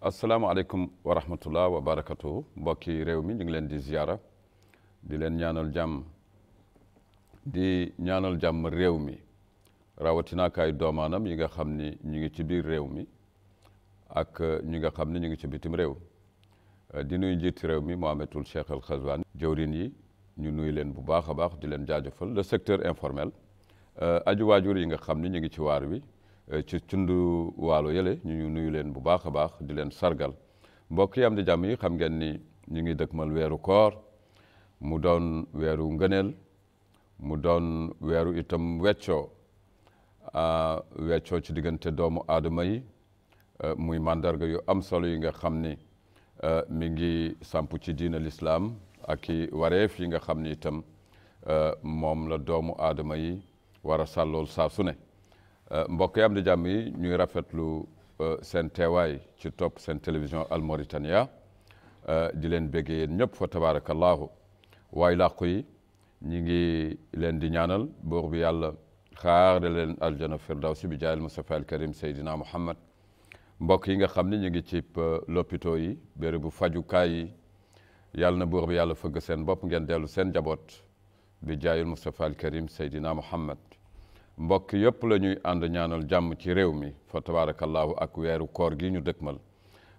asalaamaaleykum wa rahmatullah wa barakatuhu mbokki réew mi ñu ngi leen di ziyaara di leen ñaanal jàmm di ñaanal jàmm réew mi rawatinaakaay doomaanam yi nga xam ni ñu ngi ci biir réew mi ak ñi nga xam ni ñu ngi ci bitim réew di nuyu njiiti réew mi Mohamedoul Cheikh Al Ghazouani jëwrin yi ñu nuyu leen bu baax a baax di leen jaajëfal le secteur informel euh, aju waajur yi nga xam ni ñu ngi ci waar wi Euh, ci cundu waalo yële ñu nuyu leen bu baax a baax di leen sargal mbokk yi am di jàmm yi xam ngeen ni ñu ngi dëkkmal weeru koor mu doon weeru ngëneel mu doon weeru itam weccoo weccoo ci diggante doomu aadama yi euh, muy màndarga yu am solo yi nga xam ni euh, mi ngi samp ci diina lislaam ak i wareef yi nga xam ni itam moom la doomu aadama yi war a sàllool saa su ne Euh, mbokk yi am di jàmm yi ñuy rafetlu euh, seen teewaay ci top seen télévision Al Mauritania euh, di leen béggee yéen ñëpp fa tabarakallahu waaye làqu yi ñi ngi leen di ñaanal buur bi yàlla xaar de leen aljana firdawsi bi jaayil Mustafa al karim Seydina Muhammad mbokk yi nga xam ne ñu ngi ci lopito yi bérébu fajukaay yi yàlla na buur bi yàlla fëgg seen bopp ngeen dellu seen jaboot bi jaayil Mustafa al karim Seydina Muhammad mbokk yëpp la ñuy ànd ñaanal jàmm ci réew mi fa tabaarakallaahu ak weeru koor gi ñu dëkkmal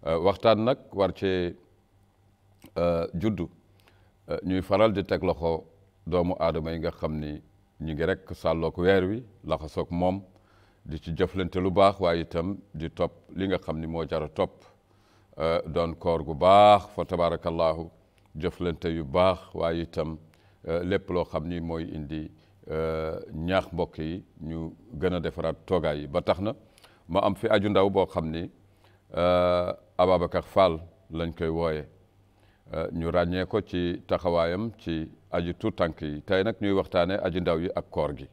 euh, waxtaan nag war cee euh, juddu euh, ñuy faral di teg loxo doomu aadama yi nga xam ni ñu ngi rek sàllook weer wi laxasoog moom di ci jëflante lu baax waaye itam di topp li nga xam ni moo jara topp doon koor gu baax fa tabaarakallaahu jëflante yu baax waaye itam lépp loo xam ni mooy indi Euh, ñaax mbokk yi ñu gën a defaraat toogaay yi ba tax na ma am fi aju ndaw boo xam ni euh, Ababacar Fall lañ koy wooye euh, ñu ràññee ko ci taxawaayam ci aju tout tànk tey nag ñuy waxtaanee aju ndaw yi ak koor gi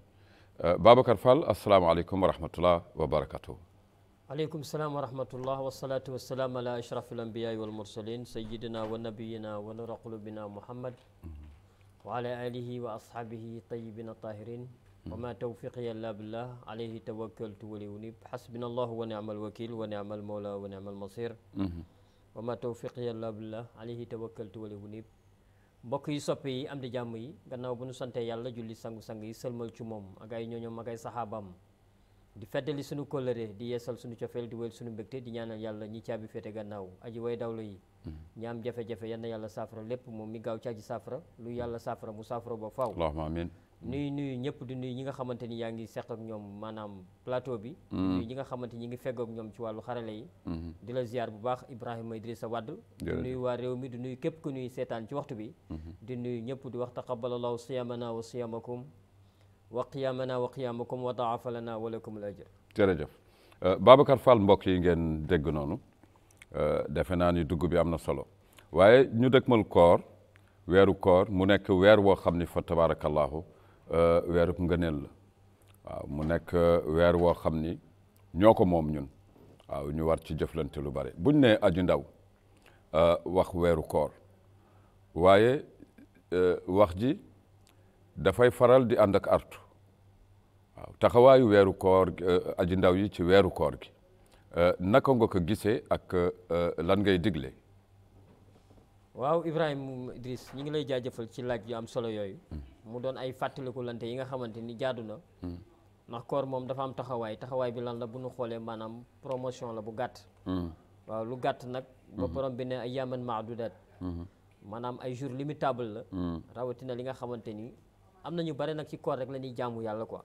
Babacar Fall asalaamaaleykum wa rahmatullah wa barakatuh aleykum salaam wa rahmatullah wasalatu wasalaam ala ashraf al anbiyaai wal mursalin wa nabiyina wa nura qulubina muhammad wa ala alihi wa ashabihi tayyibina tahirin wa ma tawfiqi illa billah alayhi tawakkaltu wa ilayhi unib hasbina allah wa ni'mal wakil wa ni'mal mawla wa ni'mal masir mhm. wa ma tawfiqi illa billah alayhi tawakkaltu wa ilayhi unib mbokk yi soppe yi am di jàmm yi gannaaw bu ñu sante yàlla julli sangu-sang yi sëlmal ci moom ak ay ñooñoom ak ay saxaabam di feddali suñu kóllëre di yeesal suñu cofeel di wéyal suñu mbégte di ñaanal yàlla ñi caabi féete gannaaw aji way dawlu yi ñi am jafe-jafe yal na yàlla saafara lépp moom mi gaaw ci aji saafara lu yàlla saafara mu saafara ba faaw allahumma amiin nuy nuyu ñëpp di nuyu ñi nga xamante ni yaa ngi seq ak ñoom maanaam plateau bi mm. nuyu ñi nga xamante ñi ngi fegg ak ñoom ci wàllu xarale yi mm-hmm. di la ziar bu baax Ibrahima Idrissa Wade di nuyu waa réew mi di nuyu képp ku nuy seetaan ci waxtu bi mm-hmm. di nuyu ñëpp di wax taqabbalallahu siyamana wa siyamakum wa qiyamana wa qiyamakum wa daafa lana wa lakum al ajr jërëjëf euh, Babacar Fall mbokk yi ngeen dégg noonu Euh, defe naa ni dugg bi am na solo waaye ñu dëkkmal koor weeru koor mu nekk weer woo xam ni fa tabaarakallaahu euh, weeru ngëneel la waaw mu nekk euh, weer woo xam ni ñoo ko moom ñun waaw ñu war ci jëflante lu bare buñ nee aju ndaw wax weeru koor waaye wax ji dafay faral di ànd ak artu waaw taxawaayu weeru koor aji ndaw yi ci weeru koor gi Euh, naka nga ko gisee ak euh, lan ngay digle. waaw Ibrahima Idriss ñu ngi lay jaajëfal ci laaj yu am solo yooyu. Hmm. mu doon ay fàttaliku yi nga xamante ni jaadu na. Hmm. ndax koor moom dafa am taxawaay taxawaay bi lan la bu ñu xoolee maanaam promotion la bu gàtt. Hmm. waaw lu gàtt nag. ba borom bi ne ay yaman maadudaat maanaam ay jour limitable la. rawatina li nga xamante ni am na ñu bare nag ci koor rek la ñuy jaamu yàlla ko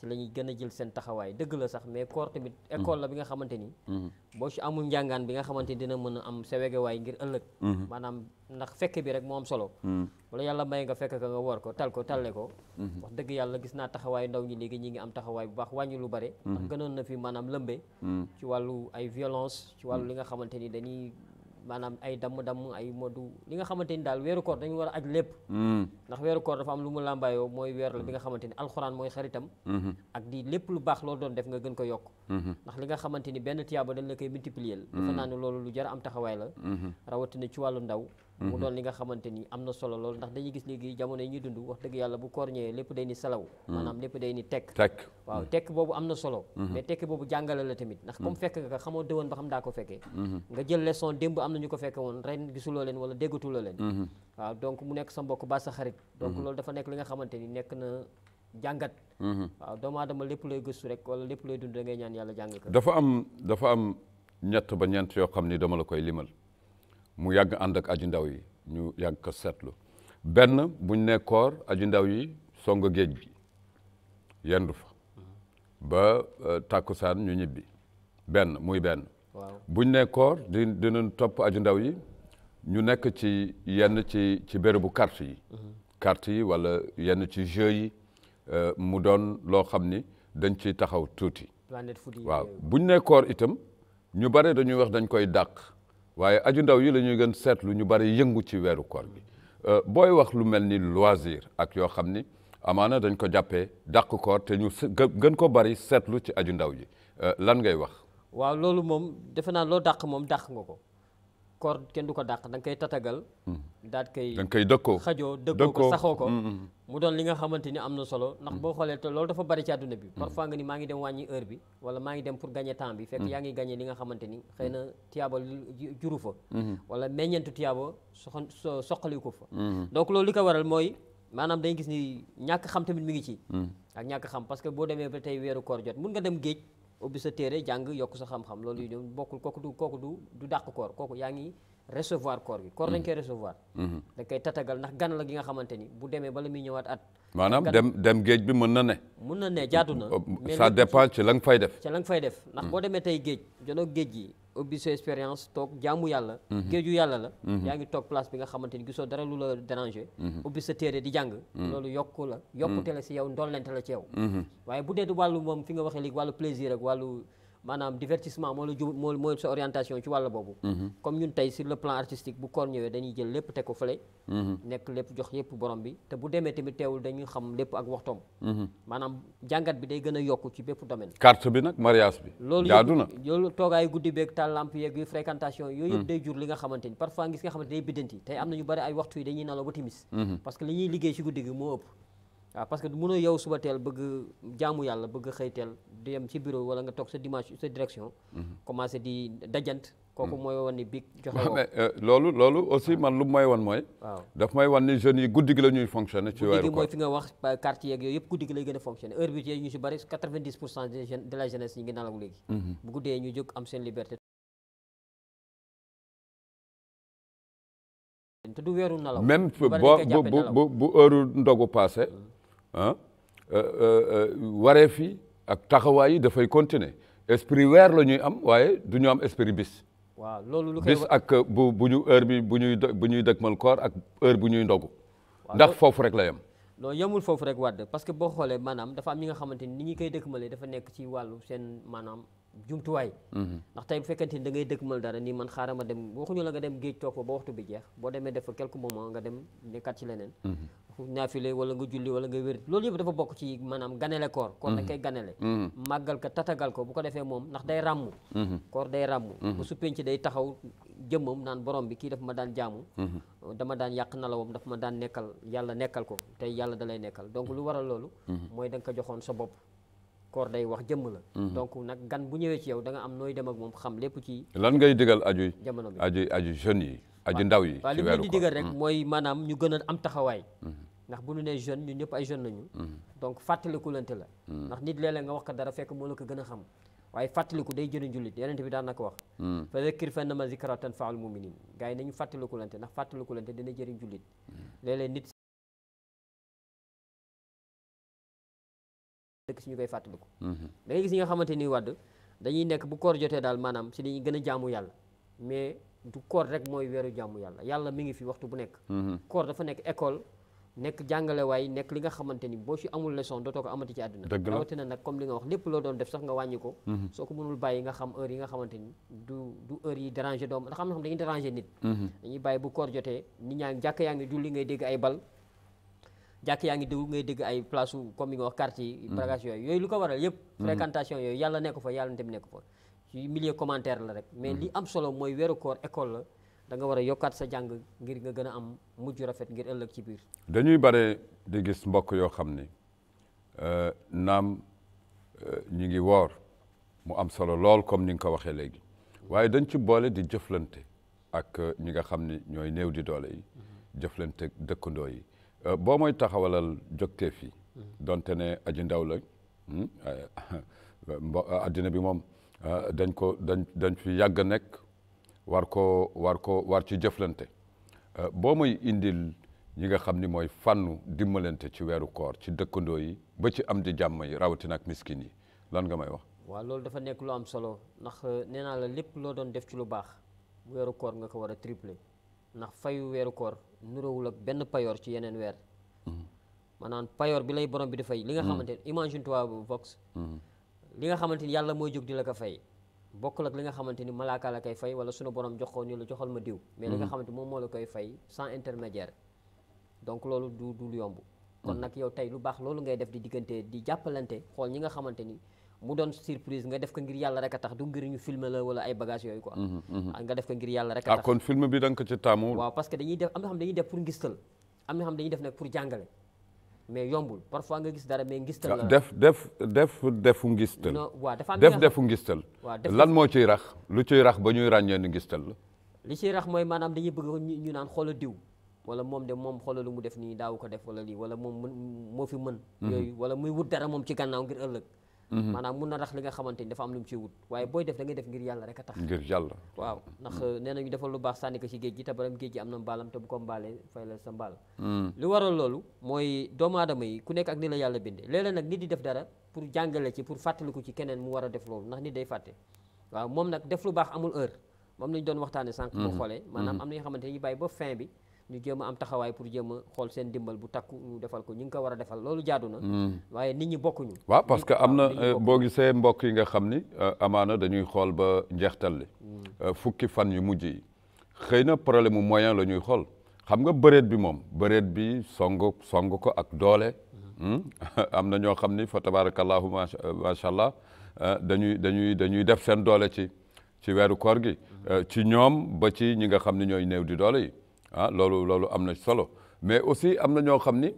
ci la gën a jël seen taxawaay dëgg la sax mais koor tamit mm-hmm. école la bi nga xamante ni mm-hmm. boo ci amul njàngaan bi nga xamante dina mën a am sewegewaay ngir ëllëg mm-hmm. maanaam ndax fekke bi rek moo am solo wala yàlla may nga fekk ka nga war ko tal ko talle ko wax dëgg yàlla gis naa taxawaayu ndaw ñi léegi ñi ngi am taxawaay bu baax wàññi lu bare ndax gënoon na fi maanaam lëmbe ci wàllu ay violence ci wàllu li nga xamante ni dañuy maanaam ay damm-damm ay moo modu li nga xamante ni daal weeru koor dañu war a aj lépp mm. ndax weeru koor dafa am lu mu làmbaayoo mooy weer la bi nga xamante ni alxuraan mooy xaritam mm-hmm. ak di lépp lu baax loolu doon def nga gën ko yokk mm-hmm. ndax li nga xamante ni benn tiyaaba dañ la koy multiplier dafa mm-hmm. naa ne loolu lu jar am taxawaay la rawatina ci wàllu ndaw mu mhm. doon li nga xamante ni am na solo lool ndax dañuy gis léegi jamono yi ñuy dund wax dëgg yàlla bu koor ñëwee lépp day ni salaw mhm. maanaam lépp day ni tekk tekk waaw mhm. tekk boobu am na solo mais tekk boobu jàngale la tamit ndax comme fekk nga xamoo dëwoon ba xam daa ko fekkee nga jël leçon démb am na ñu ko fekke woon ren gisuloo leen wala déggatuloo leen waaw donc mu nekk sa mbokk ba sa xarit donc loolu dafa nekk li nga xamante ni nekk na jàngat waaw aadama lépp looy gëstu rek wala lépp looy dund da ngay yàlla jàng ko dafa am dafa am ñett ba ñeent yoo xam ni dama la koy limal mu yàgg ànd ak aju ndaw yi ñu yàgg ko seetlu benn buñ ne koor aju ndaw yi song géej bi yendu fa ba euh, tàkkusaan ñu ñibbi benn muy benn buñ ne koor di dinañ topp aju ndaw yi ñu nekk ci yenn ci ci bérébu carte yi mhm. carte yi wala yenn ci jeu yi euh, mu doon loo xam ni dañ ciy taxaw tuuti waaw buñ ne koor itam ñu bare dañuy wax dañ koy dàq waaye aju ndaw yi lañuy gën seetlu ñu bari yëngu ci weeru koor bi euh, booy wax lu mel ni loisir ak yoo xam ni amaana dañ ko jàppee dàq koor te ñu gën ko bari seetlu ci aju ndaw yi euh, lan ngay wax. waaw loolu moom defe naa loo dàq moom dàq nga ko. koor kenn du ko dàq da nga koy tatagal hmm. daat koy da nga dëkkoo xajoo dëkkoo saxoo ko hmm, hmm, mu doon li nga xamante ni am na solo ndax boo xoolee te loolu dafa bari ci àdduna bi parfois nga ni maa ngi dem wàññi heure bi wala maa ngi dem pour gagner temps bi fekk yaa ngi gagner li nga xamante ni xëy na tiyaaba juru fa wala meññeentu tiyaaba soxon soqali ko fa donc loolu li ko waral mooy maanaam dañuy gis ni ñàkk xam tamit mu ngi ci ak ñàkk xam parce que boo demee ba t weeru koor jot mun nga dem géej ubbi sa téere jàng yokk sa xam-xam loolu yu ñoom bokkul kooku du kooku du du dàq koor kooku yaa ngi recevoir koor bi koor dañ mm. koy recevoir mm-hmm. da koy tatagal ndax gan la gi nga xamante ni bu demee bala muy ñëwaat at maanaam dem dem géej bi mën na ne mën na ne jaadu na ça dépend ci la nga fay def ci la fay def ndax mm. boo demee tey géej jonoo géej yi ubbi sa expérience toog jaamu yàlla mhm. géeju yàlla la mhm. yaa ngi toog place bi nga xamante ni gisoo dara lu la déranger mhm. ubbi sa téere di jàng loolu yokku la yokkute la si yow ndollente la ci yow waaye bu dee wàllu moom fi nga waxee léegi wàllu plaisir ak wàllu maanaam divertissement moo la jub moo mooy sa orientation ci wàll boobu mm-hmm. comme ñun tey sur le plan artistique bu koor ñëwee dañuy jël lépp teg ko fële mm-hmm. nekk lépp jox yépp borom bi te bu demee tamit teewul dañuy xam lépp ak waxtoom mm-hmm. maanaam jàngat bi day gën a yokk ci bépp domaine carte bi nag mariage bi loolu jaadu na loolu toogaay guddi beeg taal lamp yeeg yu yooyu yëpp day jur li nga xamante ni parfois ngis nga xamante day biddanti tey am na ñu bari ay waxtu yi dañuy nalaw waaw parce que mënoo yow suba teel bëgg jaamu yàlla bëgg xëy teel yem ci bureau wala nga toog sa dimanche sa direction. Mhm. commencé di dajant. kooku mhm. mooy wan ni big joxe euh, loolu loolu aussi man lu may wan mooy. waaw daf may wan ni jeunes yi guddi gi la ñuy fonctionner. ci weeru koor guddi mooy fi nga wax quartier yeeg yooyu yëpp guddi gi lay gën a fonctionner heure bi ñu si bari 90 pour cent de la jeunesse ñu ngi nalaw léegi. Mhm. bu guddee ñu jóg am seen même bu ah wareef yi ak taxawaay yi dafay continuer esprit weer la ñuy am waaye du ñu am esprit bis. waaw loolu lu koy bis ak bu bu ñu heure bi bu ñuy bu ñuy dëgmal koor ak heure bu ñuy ndogu. ndax foofu rek la yem. non yemul foofu rek wàdd parce que boo xoolee maanaam dafa am ñi nga xamante ni ñi koy dëkkmalee dafa nekk ci wàllu seen maanaam. jumtuwaay mhm. ndax tey bu fekkente ni da ngay dëkkmal dara nii man xaaral ma dem waxuñu la nga dem géej toog fa ba waxtu bi jeex boo demee def fa quelques a nga dem nekkat ci leneen mhm. naafile wala nga julli wala nga wér loolu yëpp dafa bokk ci maanaam ganele koor koor dañ mhm. màggal ko tatagal ko bu ko defee moom ndax day ràmm koor day ràmm bu su penc day taxaw jëmmam naan borom bi kii daf ma daan jaamu dama daan yàq nalawam dafa ma daan nekkal yàlla nekkal ko tey yàlla dalay lay nekkal donc lu waral loolu mooy da ko joxoon sa bopp koor day wax jëmm la. Mhm. donc nag gan bu ñëwee ci yow da am nooy dem ak moom xam lépp ci. lan ngay digal aju. jamono bi aju aju jeunes yi. aju ndaw yi ci weeru koor waaw li mhm. mooy maanaam ñu gën a am taxawaay. Mhm. ndax bu nu nee jeune ñun ñëpp ay jeunes lañu. donc fàttaliku lante la. ndax nit léeg nga wax ko dara fekk moo la ko gën a xam. waaye fàttaliku day jëriñ jullit yeneen bi daan na ko wax. fa zakkir fa innama zikraa tanfaul muminin gars yi nañu fàttaliku lante ndax fàttaliku lante dina jëriñ jullit. léeg-léeg nit dëkk si ñu koy fàttaliku. Mhm. da ngay gis ñi nga xamante ni wàdd dañuy nekk bu koor jotee daal maanaam si dañuy gën a jaamu yàlla ngi fi bu nekk. Mhm. koor dafa nekk école. nekk jàngale waay nekk li nga boo ci amul leçon dootoo ko amati ci àddina rawatina nag comme li nga wax lépp loo ngay dégg ay bal jàkk yaa ngi dégg ngay dégg ay place comme yi nga wax quartier yi bagage mm-hmm. yooyu yooyu lu ko waral yëpp mm-hmm. fréquentation yooyu yàlla nekk fa yàlla dem nekk fa ci milieu commentaire la rek mm-hmm. mais li am solo mooy weeru koor école la da a yokkaat sa jàng ngir nga gën a am mujj rafet ngir ëllëg ci biir dañuy bare di gis mbokk yoo xam ni euh, naam euh, ñu ngi woor mu am solo lool comme ni nga ko waxee léegi waaye dañu ci boole di jëflante ak euh, ñi nga xam ni ñooy néew di doole yi jëflante dëkkandoo yi Euh, boo mooy taxawalal Jokteef fii donte ne aji ndaw la hmm, euh, euh, addina bi moom dañ ko dañ dañ fi yàgg a nekk war ko war ko war ci jëflante boo mooy indil ñi nga xam ni mooy fànnu dimbalante ci weeru koor ci dëkkandoo yi ba ci am di jàmm yi rawatina ak miskin yi lan nga may wax waa loolu dafa nekk lu am solo ndax nee naa la lépp loo doon def ci lu baax weeru koor nga ko war a tripler ndax fayu weeru koor nuróowul ak benn payoor ci yeneen weer mm-hmm. maanaam payoor bi lay borom bi di fay li nga mm-hmm. xamante ne imagine toi vox mm-hmm. li nga xamante ni yàlla mooy jóg di la ko fay bokkul ak li nga xamante ni malaaka la koy fay wala sunu borom jox ko ni la joxal ma diw mais li nga xamante moom moo la koy fay sans intermédiaire donc loolu du du yomb kon nag yow tey lu baax loolu ngay def di diggante di jàppalante xool ñi nga xamante ni mu doon surprise nga def ko ngir yàlla rek a tax du ngir ñu ay bagages yooyu quoi. Mhm, mhm. Ah, nga def ko rek a ah, tax. ah kon film bi da nga ko ci taamu. waaw parce que dañuy def pour ngistal def nga gis dara mais ngistal la ah, def def def defu ngistal. non waaw dafa am def lan moo ciy rax lu ciy rax ba ñuy ràññee ni ngistal la. li ciy rax mooy maanaam dañuy bëgg ñu naan xoola diw wala moom de moom xoola lu mu def nii daawu ko def wala lii wala moom moo fi mën. Mhm. yooyu wala muy wut dara moom ci gànnaaw ngir ëllëg. Mhm. maanaam mun na rax li nga xamante ni dafa am lu mu ciy wut waaye booy def da ngay def ngir yàlla rek a tax ngir yàlla waaw ndax mhm. nee nañu defal lu baax sànni ko ci géej gi te baram géej gi am na mbaalam te bu ko mbaalee fay la sa mbaal mhm. li waral loolu mooy doomu adama yi ku nekk ak ni la yàlla bindee léeg-léeg nag nit di def dara pour jàngale ci pour fàttaliku ci keneen mu war a def loolu ndax nit day fàtte waaw moom nag def lu baax amul heure moom lañ doon waxtaane sànq boo xoolee am na ñoo xamante ni bàyyi ba bi ñu jéem a am taxawaay pour jéem xool seen dimbal bu takku ñu defal ko ñi ngi ko war a defal loolu jaadu na. Hmm. waaye nit ñi bokkuñu. waa parce que am na euh, boo gisee mbokk yi nga xam ni euh, amaana dañuy xool ba njeextal li hmm. euh, fukki fan yu mujj yi xëy na problème mu moyen la ñuy xool xam nga bëreet bi moom bëreet bi song song ko ak doole. Hmm? am na ñoo xam ni fa tabarakallahu macha allah dañuy dañuy dañuy def seen doole ci ci weeru koor gi. ci ñoom ba ci ñi nga xam ni ñooy néew di doole yi. ah loolu loolu am na solo mais aussi am na ñoo xam ni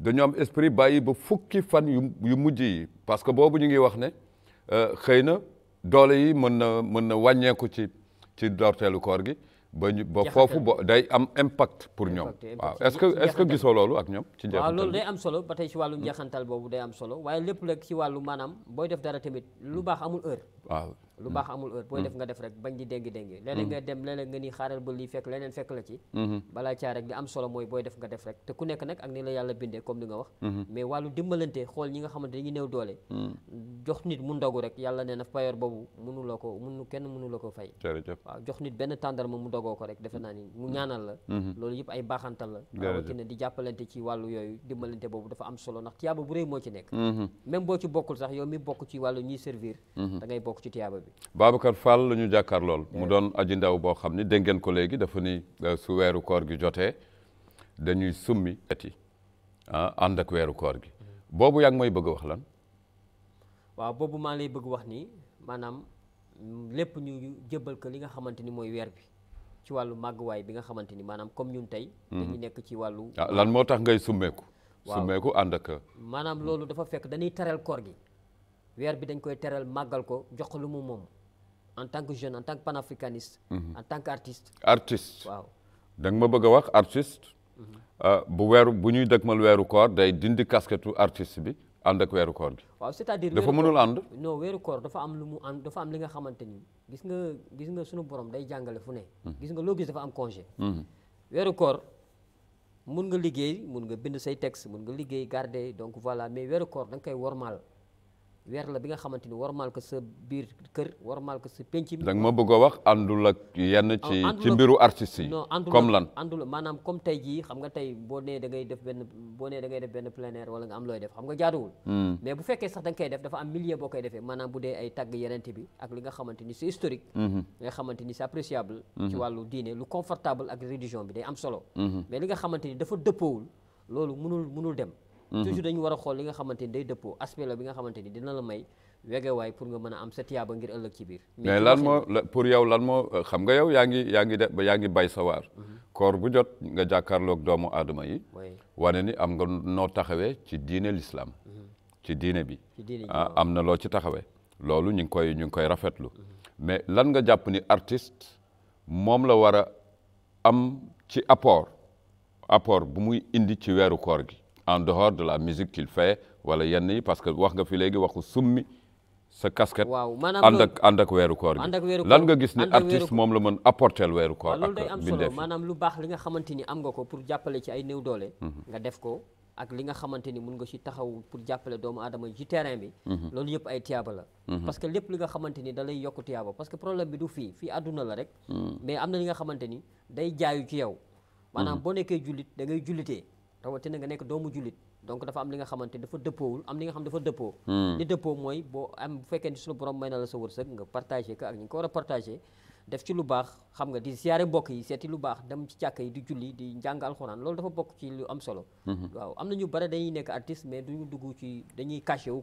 dañoo am esprit bàyyi ba fukki fan yu yu mujj yi parce que boobu ñu ngi wax ne euh, xëy na doole yi mën na mën na wàññeeku ci ci dorteelu koor gi ba ñu ba foofu boo day am impact pour ñoom waaw est-ce que est-ce que gisoo loolu ak ñoom ci waaw loolu day am solo ba tey ci wàllu njeexantal boobu day am solo waaye lépp rek ci wàllu maanaam booy def dara tamit lu baax amul heure waaw lu baax amul heure booy hmm. def nga def rek bañ di déngi-déngi léeg-léeg nga dem léeg-léeg nga ni xaaral ba lii fekk leneen fekk la ci hmm. balaa caa rek li am solo mooy booy def nga def rek te ku nekk nag ak ni la yàlla bindee comme li nga wax hmm. mais wàllu dimbalante xool ñi nga xamante dañu néew boobu mënu la ko mënu kenn mënu ko fay jox nit benn tàndarma mu dogoo ko rek defe naa ni mu ñaanal la loolu yëpp ay baaxantal la di jàppalante ci wàllu yooyu dimbalante boobu dafa am solo ndax tiyaaba bu rëy moo ci nekk même boo ci bokkul sax yow mi bokk ci wàllu ñuy servir da ngay bokk ci tiyaaba bi Babacar Fall la ñu jàkkaar lool mu eh. doon aji ndaw boo xam ni dégg ngeen ko léegi dafa ni euh, su weeru koor gi jotee dañuy summi eti ah weeru koor gi mm-hmm. boobu yaa mooy bëgg wax lan waaw boobu maa lay bëgg wax ni maanaam lépp ñu jëbal ko li nga xamante ni mooy weer bi ci wàllu màgguwaay bi nga xamante ni maanaam comme ñun tey mm-hmm. dañu nekk ci wàllu ah, lan moo tax ngay summeeku summeeku ànd maanaam loolu dafa fekk dañuy taral koor gi weer bi dañ koy teral màggal ko jox ko lu mu moom en tant que jeune en tant que panafricaniste. Mhm. en tant que artiste. artiste waaw ma bëgg a wax artiste. Mhm. Euh, bu weeru bu ñuy dëgmal weeru koor day dindi casquette artiste bi ànd ak weeru koor bi. waaw c'est-à-dire dafa mënul ànd. non weeru koor dafa am lu mu ànd dafa am li nga xamante ni gis nga gis nga sunu borom day jàngale fu ne. Mhm. gis nga loo gis dafa am congé. weeru koor mun nga liggéey mun nga bind say texte mun nga liggéey garder donc voilà mais weeru koor da nga koy wormaal. weer la bi nga xamante war warmaal ko sa biir kër warmaal ko sa penc bi. da nga ma bëgg a wax àndul ak yenn ci oh, ci mbiru artistes yi. comme lan àndul maanaam comme tey jii xam nga tey boo nee dangay def benn boo nee da def benn plein air wala nga am looy def xam nga jaaduwul. Hmm. mais bu fekkee sax da nga koy def dafa am milieu boo koy defee maanaam bu dee ay tagg yenente bi ak li nga xamante ni c'est historique. Hmm. nga xamante ni c'est appréciable. Hmm. ci wàllu diine lu confortable ak religion bi day am solo. mais li nga xamante ni dafa dëppoowul loolu mënul mënul dem. Mhm. toujours dañu war a xool li nga xamante ni day dëppoo aspect la bi nga xamante ni dina la may waay pour nga mën a am sa tiyaaba ngir ëllëg ci biir. mais lan moo pour yow lan moo euh, xam nga yow yaa ngi yaa ngi de yaa bay sa waar. Mhm. bu jot nga jàkkaarloog doomu aadama yi. wane ni am nga noo taxawee ci diine l'islam. Mhm. ci diine bi. Ah, am na loo ci taxawee. loolu ñu ngi koy ñu ngi koy rafetlu. mais lan nga jàpp ni artist moom la war a am ci apport apport bu muy indi ci weeru koor gi. en dehors de la musique qu'il fait wala yenn yi parce que wax nga fi léegi waxu summi sa casquette. waaw maanaam ànd ak ànd ak weeru koor gi lan nga gis ni artiste moom la mën apporter weeru koor. ak loolu maanaam lu baax li nga xamante ni am nga ko pour jàppale ci ay néew doole. Mhm. nga def ko ak li nga xamante ni mun nga ci taxaw pour jàppale doomu aadama ci terrain bi. Mhm. loolu yëpp ay tiyaaba la. Mhm. parce que lépp li nga xamante ni da lay yokk tiyaaba parce que problème bi du fii fii àdduna la rek. mais a na li nga xamante ni day jaayu ci yow. maanaam boo nekkee jullit da ngay jullitee. rawatina nga nekk doomu jullit donc dafa am li nga xamante dafa dëppoowul am li nga xam dafa dëppoo hmm. li dëppoo mooy boo am bu fekkee ni suñu borom may na la sa wërsëg nga partagé ko ak ñi nga ko war a partagé def ci lu baax xam nga di siyaare mbokk yi seeti lu baax dem ci càkk yi di julli di njàng alxuraan loolu dafa bokk ci lu am solo hmm. waaw am na ñu bare dañuy nekk artiste mais duñu dugg ci dañuy caché wu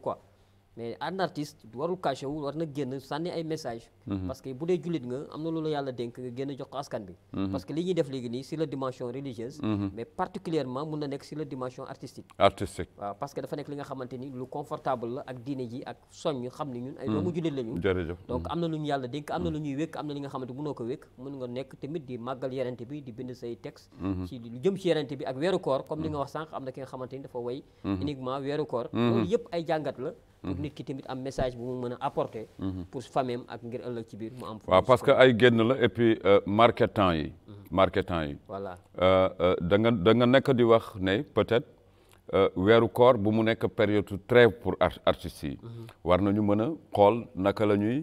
mais un artiste warul caché wu war na génn sànni ay message mhm. parce que bu dee jullit nga am na loolu yàlla dénk nga génn jox ko askan bi mhm. parce que li ñuy def léegi nii si la dimension religieuse mhm. mais particulièrement mun na nekk si la dimension artistique artistique waaw parce que dafa nekk li nga xamante ni lu confortable la ak diine ji ak soññ xam ne ñun ay doomu jullit la ñu jërëjëf donc am na lu ñu yàlla dénk am na lu ñuy wékk am na li nga xamante mënoo ko wékk mun nga nekk tamit di màggal yerante bi di bind say texte ci lu jëm ci yerante bi ak weeru koor comme li nga wax sànq am na ki nga xamante ni dafa way yëpp ay jàngat la pour mhm. nit ki tamit am message bu mu mën a apporter. Mhm. pour famem ak ngir ëllëg ci biir mu am. waaw parce que ay génn la et puis euh, marketant yi. Mhm. marketant yi. voilà euh, euh, da nga da nga nekk di wax ne peut-être weeru koor bu mu nekk période trêve pour artistes yi. war nañu mën a xool naka la ñuy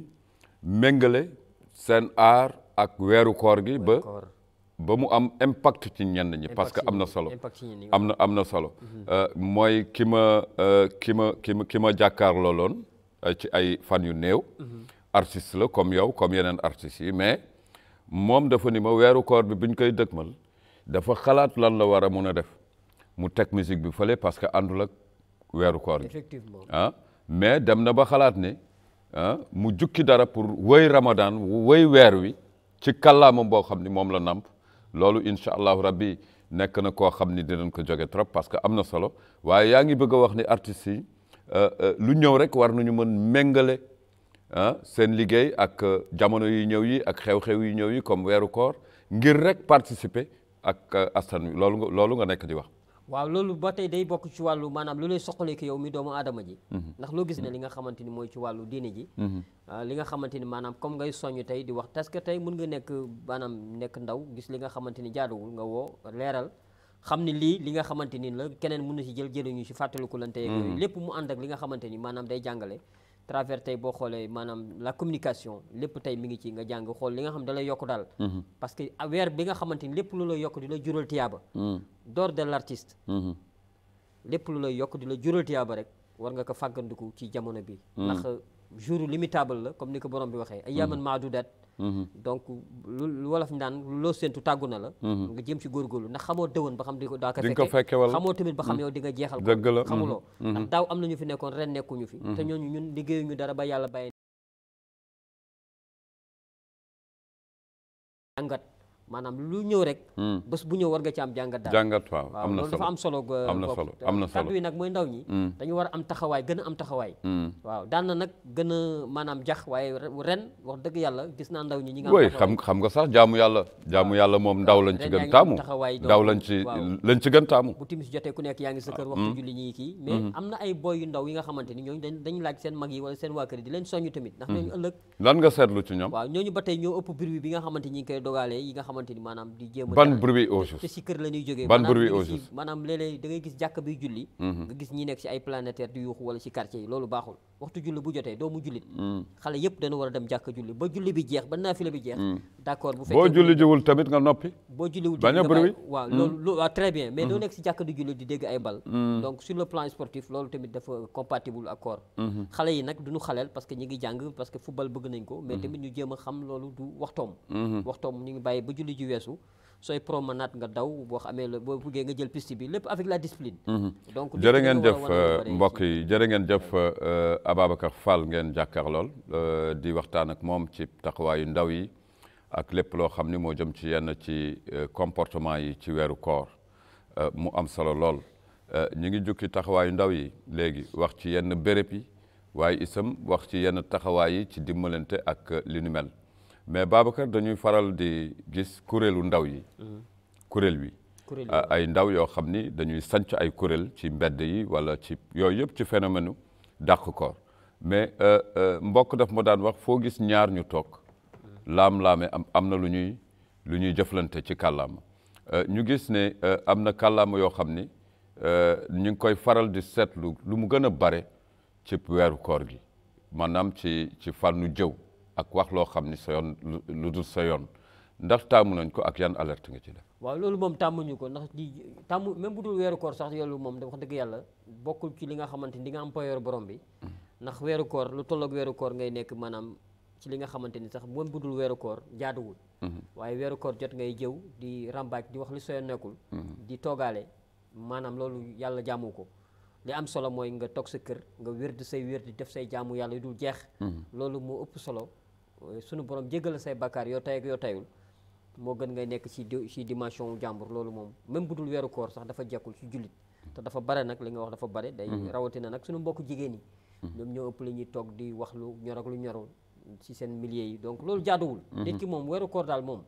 méngale seen art ak weeru koor gi ba. ba mu am impact ci ñenn ñi parce que am na solo am na am na solo mm-hmm. euh, mooy ki ma euh, ki ma ki ma ki ma jàkkaarloo loon euh, ci ay fan yu néew mm-hmm. artiste la comme yow comme yeneen artistes yi mais moom dafa ni ma weeru koor bi biñ koy dëgmal dafa xalaat lan la war a mun a def mu teg musique bi fale parce que àndul ak weeru koor bi effectivement ah mais dem na ba xalaat ne ah, mu jukki dara pour wëy ramadan wëy weer wi ci kàllaama boo xam ni moom la namp loolu incha allahu rabbi nekk na koo xam ni dinañ ko joge trop parce que am na solo waaye yaa ngi bëgg a wax ni artistes yi euh, euh, lu ñëw rek war nañu mën méngale ah seen liggéey ak euh, jamono yi ñëw yi ak xew-xew yi ñëw yi comme weeru koor ngir rek participer ak askan wi loolu nga loolu nga nekk di wax. waaw loolu ba tey day bokk ci wàllu maanaam lu lay soqalee ko yow mi doomu aadama ji mhm. ndax loo gis ne mhm. li nga xamante ni mooy ci wàllu diine ji mhm. ah, li nga xamante ni maanaam comme ngay soññ tey di wax parce que tey mun nga nekk maanaam nekk ndaw gis li nga xamante ni jaaduwul nga woo leeral xam ni lii li nga xamante ni la keneen mun na ci jël jëluñu ci fàttaliku lante yooyu lépp mu ànd ak li nga xamante ni maanaam day jàngale travers tey boo xoolee maanaam la communication lépp tey mi ngi ci nga jàng xool li nga xam da lay yokk daal mhm. parce que weer bi nga xamante ni lépp lu lay yokk di la jural tiyaaba mhm. door de l'artiste mhm. lépp lu la yokk di la jural tiyaaba rek war nga ko fàggandiku ci jamono bi ndax jour limitable la comme ni ko borom bi waxee ay yaman mhm. maadudaat mhm. donc lu wolof naan loo séntu tàggu na la mhm. nga jéem ci góorgóorlu ndax xamoo dëwoon ba xam di ko daa ko fekke xamoo tamit ba xam yow di nga jeexal ko dëgg la xamuloo ndax daaw am na ñu fi nekkoon ren nekkuñu fi te ñooñu ñun liggéeyuñu dara ba yàlla bàyyi jàngat maanaam lu ñëw rek. Hmm. bés bu ñëw war nga am jàngat daal. jàngat waaw am na solo dafa am solo. am na solo am na solo kàddu yi nag mooy ndaw ñi. Hmm. dañu war a am taxawaay gën a am taxawaay. Hmm. waaw nag gën a maanaam jax waaye ren wax dëgg yàlla gis naa ndaw ñi. ñi nga am taxawaay xam xam nga sax jaamu yàlla. ci gën taamu bu timis jotee ku nekk yaa ngi sa waxtu julli ñi kii. mais am na ay boy yu ndaw yi nga xamante ni ñooñu dañ dañ laaj seen mag yi wala seen waa kër di leen soññu tamit. ndax ñooñu ëllëg. lan nga seetlu ci ñoom. waaw ñooñu ba ñoo ëpp bruit bi nga xamante ñi ngi koy yi nga xamante ni maanaam di jéem a gis jàkk bi julli mhm. nga gis ñi nekk si ay planétaire di yuuxu wala si quartier yi loolu baaxul waxtu julli bu jotee doomu jullit mhm. xale yëpp dana war a dem jàkk julli ba julli bi jeex ba naafila bi jeex mhm. d'accord bu fekkee boo julli jiwul tamit nga noppi boo julliwul ah, di dégg ay bal donc sur le plan sportif loolu tamit dafa compatible ak xale yi nag duñu xaleel parce que ñi ngi jàng parce que football bëgg nañ ko mais tamit julli ji weesu sooy promenade nga daw boo xamee la boo buggee nga jël piste bi lépp avec la discipline. Mhm. donc jërë ngeen jëf euh, mbokk yi jërë ngeen jëf euh, Ababacar Fall ngeen jàkkaarlool euh, di waxtaan ak moom ci taxawaayu ndaw yi ak lépp loo xam ni moo jëm ci yenn ci comportement yi ci weeru koor mu am solo lool ñu ngi jukki taxawaayu ndaw yi léegi wax ci yenn béréb yi waaye itam wax ci yenn taxawaay yi ci dimbalante ak linu nu mel. mais Babacar dañuy faral di gis kuréelu ndaw yi. Mhm. kuréel wi. ay ndaw yoo xam ni dañuy sanc ay kuréel ci mbedd yi wala ci yooyu yëpp ci phénomène u dàq koor mais euh, euh, mbokk daf ma daan wax foo gis ñaar ñu toog mhm. laam-laame am am na lu ñuy lu ñuy jëflante ci kàllaama euh, ñu gis ne am na kàllaama yoo xam ni ñu ngi koy faral di seetlu lu mu gën a bare ci weeru koor gi maanaam ci ci fànnu jëw ak wax loo xam ni sa yoon lu dul sa yoon ndax taamu nañ ko ak yan alerte nga ci def. waaw loolu moom tàmmuñu ko ndax di tàmm même bu dul weeru koor sax yoolu moom da wax dëgg yàlla bokkul ci li nga xamante ni di nga am payoor borom bi mm-hmm. ndax weeru koor lu tolloog weeru koor ngay nekk maanaam ci li nga xamante ni sax même bu dul weeru koor jaaduwul mm-hmm. waaye weeru koor jot ngay jëw di rambaaj di wax li sooy nekkul mm-hmm. di toogaale maanaam loolu yàlla jaamu ko li am solo mooy nga toog sa kër nga wér di say wér di def say jàmmu yàlla yu dul jeex loolu moo ëpp solo sunu borom jéggal say bakkaar yoo tay ak yoo tayul moo gën ngay nekk ci ci dimension wu jàmbur loolu moom même bu dul weeru koor sax dafa jekkul ci jullit te dafa bare nag li nga wax dafa bare day mhm. rawatina nag sunu mbokk jigéen yi mhm. ñoom ñoo ëpp la ñuy toog di wax lu ñor lu ñorul ci seen milieu yi donc loolu jaaduwul mhm. nit ki moom weeru koor daal moom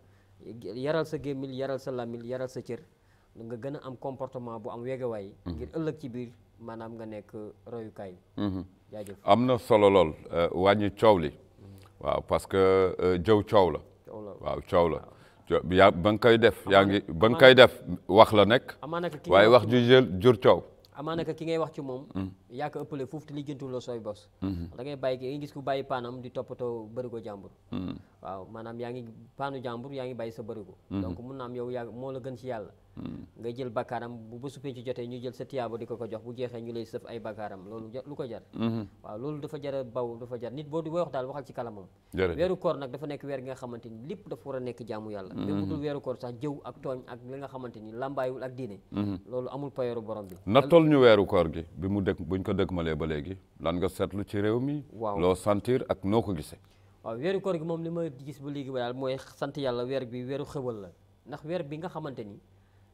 yaral sa gémmil yaral sa lamil yaral sa cër nga gën a am comportement bu am wegewaay ngir ëllëg ci biir maanaam nga nekk royukaay waaw parce que euh, jëw coow la. waaw coow la yaa ba nga koy def. yaa ngi ba nga koy def wax la nekk. waaye wax ju jël jur coow. amaana ki ngay wax ci moom. Hmm. yaa ko ëppale foofu te lijjantiwuloo sooy bos. Mhm. da ngay bàyyi ki nga gis ku bàyyi paanam di toppatoo bërigo jàmbur. Mhm. waaw maanaam yaa ngi paanu jàmbur yaa ngi bàyyi sa bërigo. Mhm. donc mun naa am yaa moo la gën jël bakkaaram bu ba supee ci jotee ñu jël sa tiyaaba di ko ko jox bu jeexee ñu lay sëf ay bakkaaram loolu lu ko jar. waaw loolu dafa jar a baw dafa jar nit boo di wax daal waxal ci kalamam. weeru koor nag dafa nekk weer gi nga xamante ni lépp dafa war a nekk jaamu yàlla. même bu dul weeru koor sax jëw ak tooñ ak li nga xamante ni làmbaayul ak diine. loolu amul payoru borom bi. na toll ñu weeru koor gi ko dëgmalee ba léegi lan nga seetlu ci réew mi. waaw loo sentir ak noo ko gisee. waaw weeru koor gi moom li ma gis ba léegi daal mooy sant yàlla weer bi weeru xewal la ndax weer bi nga xamante ni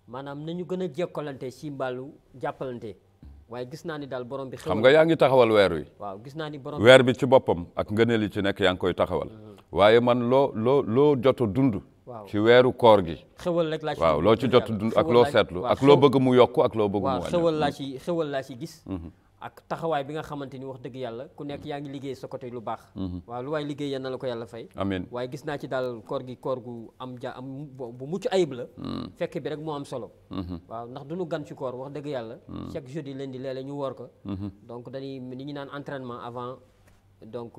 maanaam nañu gën a jekkalante si mbaalu jàppalante waaye gis naa ni daal borom bi. xam nga yaa ngi taxawal weer wi. waaw gis naa ni borom weer bi ci boppam ak ngëneel yi ci nekk yaa ngi koy taxawal. Mm-hmm. waaye man loo loo loo jot dund. waaw ci weeru koor gi. xewal la laa ci waaw loo ci jot a loo seetlu. ak loo mu yokk ak mm-hmm. laa ci xewal ci gis. Mm-hmm. ak taxawaay bi nga xamante ni wax dëgg yàlla ku nekk yaa ngi liggéey sa côté lu baax mhm. waaw lu waay liggéey yal na la ko yàlla fay amiin waaye gis naa ci daal koor gi koor gu am ja am bu mucc ayib la mhm. fekk bi rek moo am solo mhm. waaw ndax du ñu gan ci koor wax dëgg yàlla chaque jeudi lundi léeg-léeg ñu woor donc dañuy ni ñu naan entraînement avant donc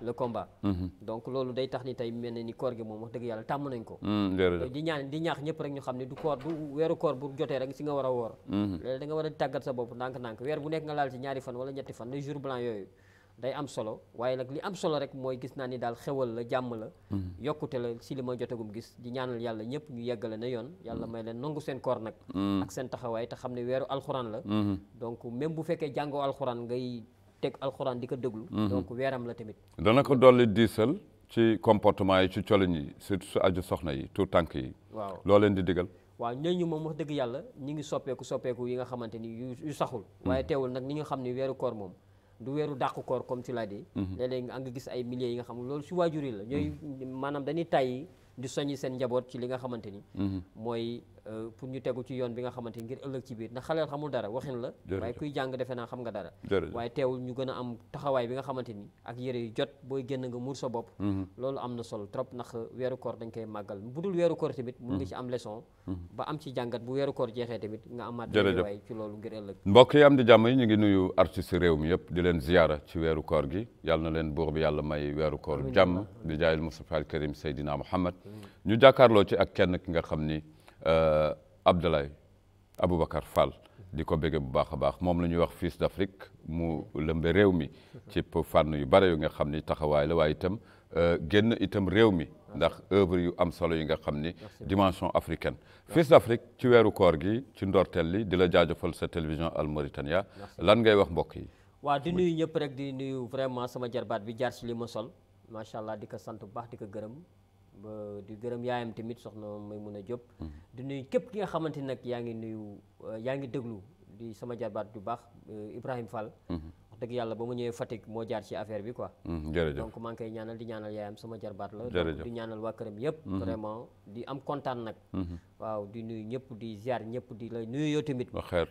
le combat. Mhm. donc loolu day tax ni tey mel na ni koor gi moom wax dëgg yàlla tàmm nañ ko. Mm, di ñaan di ñaax ñëpp rek ñu xam ne du koor du weeru koor bu jotee rek si nga war a woor. Mhm. loolu da war a tàggat sa bopp ndànk-ndànk weer bu nekk nga laal ci ñaari fan wala ñetti fan les jours blancs yooyu. day am solo waaye nag li am solo rek mooy gis naa ni daal xewal la jàmm la mhm. yokkute la si li ma jotagum gis di ñaanal yàlla ñëpp ñu yeggale na yoon yàlla may leen nangu seen koor nag ak seen taxawaay te xam ne weeru alxuraan la donc même teg alxuraan di ko déglu. Mhm. donc weeram la tamit. dana ko dolli diisal ci comportement yi ci colin yi surtout su aju soxna yi tu tànk yi. waaw loo leen di digal. waaw ñu moom wax dëgg yàlla ñu ngi soppeeku soppeeku yi nga xamante ni yu saxul. Mhm. waaye teewul nag ni nga xam ni weeru koor moom. du weeru dàqu koor comme tu laa dit. Mhm. léeg-léeg nga gis ay milliers yi nga xam loolu si waajur yi la. ñooy maanaam dañuy tàyyi di soññi seen njaboot ci li nga xamante ni. mooy Euh, pour ñu tegu ci yoon bi nga xamante ngir ëllëg ci biir ndax xaleel xamul dara waxin la waaye kuy jàng defe naa xam nga dara waaye teewul ñu gën a am taxawaay bi nga xamante ni ak yëre yu jot booy génn nga muur sa bopp mm-hmm. loolu am na solo trop ndax weeru koor dañ koy màggal bu dul weeru koor tamit mun nga ci mm-hmm. am leçon mm-hmm. ba am ci jàngat bu weeru koor jeexee tamit nga amaat waaye ci loolu ngir ëllëg mbokk yi am di jàmm yi ñu ngi nuyu artiste réew mi yëpp di leen ziyaara ci weeru koor gi yàlla na leen buur bi yàlla may weeru koor jàmm di jaayil Mustafa al Karim Seydina Muhammad ñu jàkkaarloo ci ak kenn ki nga xam ni Euh, Abdoulaye Aboubacar Fall di ko béggee bu baax a baax moom la ñuy wax fils d'Afrique mu lëmbe réew mi ci fànn yu bare yu nga xam ni taxawaay la waaye itam euh, génn itam réew mi ndax œuvre yu am solo yi nga xam ni dimension africain fils d'Afrique ci weeru koor gi ci ndorteel li di la jaajëfal sa télévision Al Mauritania lan ngay wax mbokk yi waaw di nuyu ñëpp rek di nuyu vraiment sama jarbaat bi jaar si li ma sol macha allah di ka sant bu baax di ko gërëm ba di gërëm yaayam tamit soxna a Diop mm-hmm. di nuyu képp ki nga xamante nag yaa ngi nuyu yaa ngi déglu di sama jarbaat ju baax euh, Ibrahim Fall mm-hmm. dëgg yàlla ba mu ñëwee Fatick moo jaar ci affaire bi quoi. Mm, jërëjëf maa ngi koy ñaanal di ñaanal yaayam sama jarbaat la. jërëjëf di ñaanal waa këram yëpp. Mm-hmm. di am kontaan nag. Mm-hmm. waaw di nuyu ñëpp di ziar ñëpp di la nuyu yow tamit.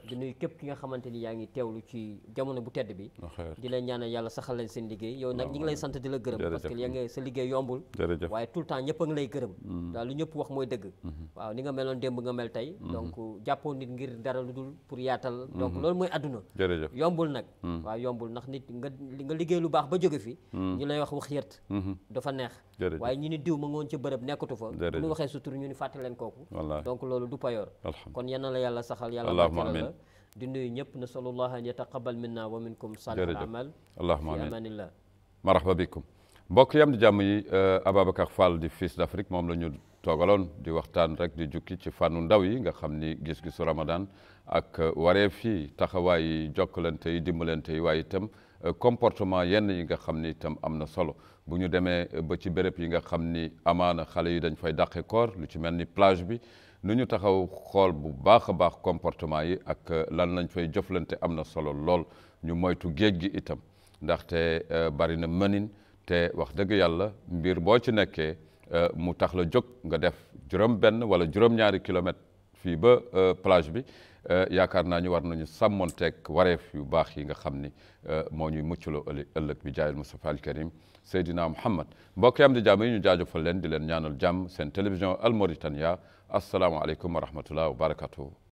di nuyu képp nga xamante ni yaa ngi teewlu ci jamono bu tedd bi. di la ñaanal yàlla saxal seen liggéey yow nag ñi ngi lay sant la gërëm. parce que yaa ngi sa liggéey yombul. waaye tout le temps ñëpp a ngi lay gërëm. Mm. daal lu ñëpp wax mooy dëgg. Mm-hmm. waaw ni nga meloon démb nga mel tey. donc jàppoo nit ngir dara lu dul pour yaatal. donc loolu mooy àdduna. yombul nag mm. waaw yombul ndax nit nga nga liggéey lu baax ba jóge fi hmm. ñu lay wax wax yërt hmm. dafa neex waaye ñu ni diw ma ngoon ca bërëb nekkatu fa bu ñu waxee sutur ñu ni fàtte leen kooku donc loolu du payoor kon yal na la yàlla saxal yàlla barkeel la di nuyu ñëpp nasalullah an yataqabal minna wa minkum salih al amal allahumma amin fi amanillah ba bikum mbokk yam di jàmm yi euh, Ababacar Fall di Fils d'Afrique moom la ñu toogaloon di waxtaan rek di jukki ci fànnu ndaw yi nga xam ni gis-gisu Ramadan ak euh, wareef yi taxawaay yi jokkalante yi dimbalante yi itam euh, comportement yenn yi nga xam ni itam am na solo bu ñu demee ba ci béréb yi nga xam ni amaana xale yi dañ fay dàqe koor lu ci mel ni plage bi nu ñu taxaw xool bu baax a baax comportement yi ak lan lañ fay jëflante am na solo lool ñu moytu géej gi itam ndaxte bari na mënin te wax dëgg yàlla mbir boo ci nekkee euh, mu tax la jóg nga def juróom-benn wala juróom-ñaari kilomètre fii ba euh, plage bi euh, yaakaar naa ñu war nañu sàmmonteeg wareef yu baax yi nga xam ni moo ñuy muccloo ëllëg bi jaayil Mustafa al Karim Seydina Muhammad mbokk yi am di jàmm yi ñu jaajëfal leen di leen ñaanal jàmm seen télévision Al Mauritania asalaamualeykum wa rahmatullah wa barakatuhu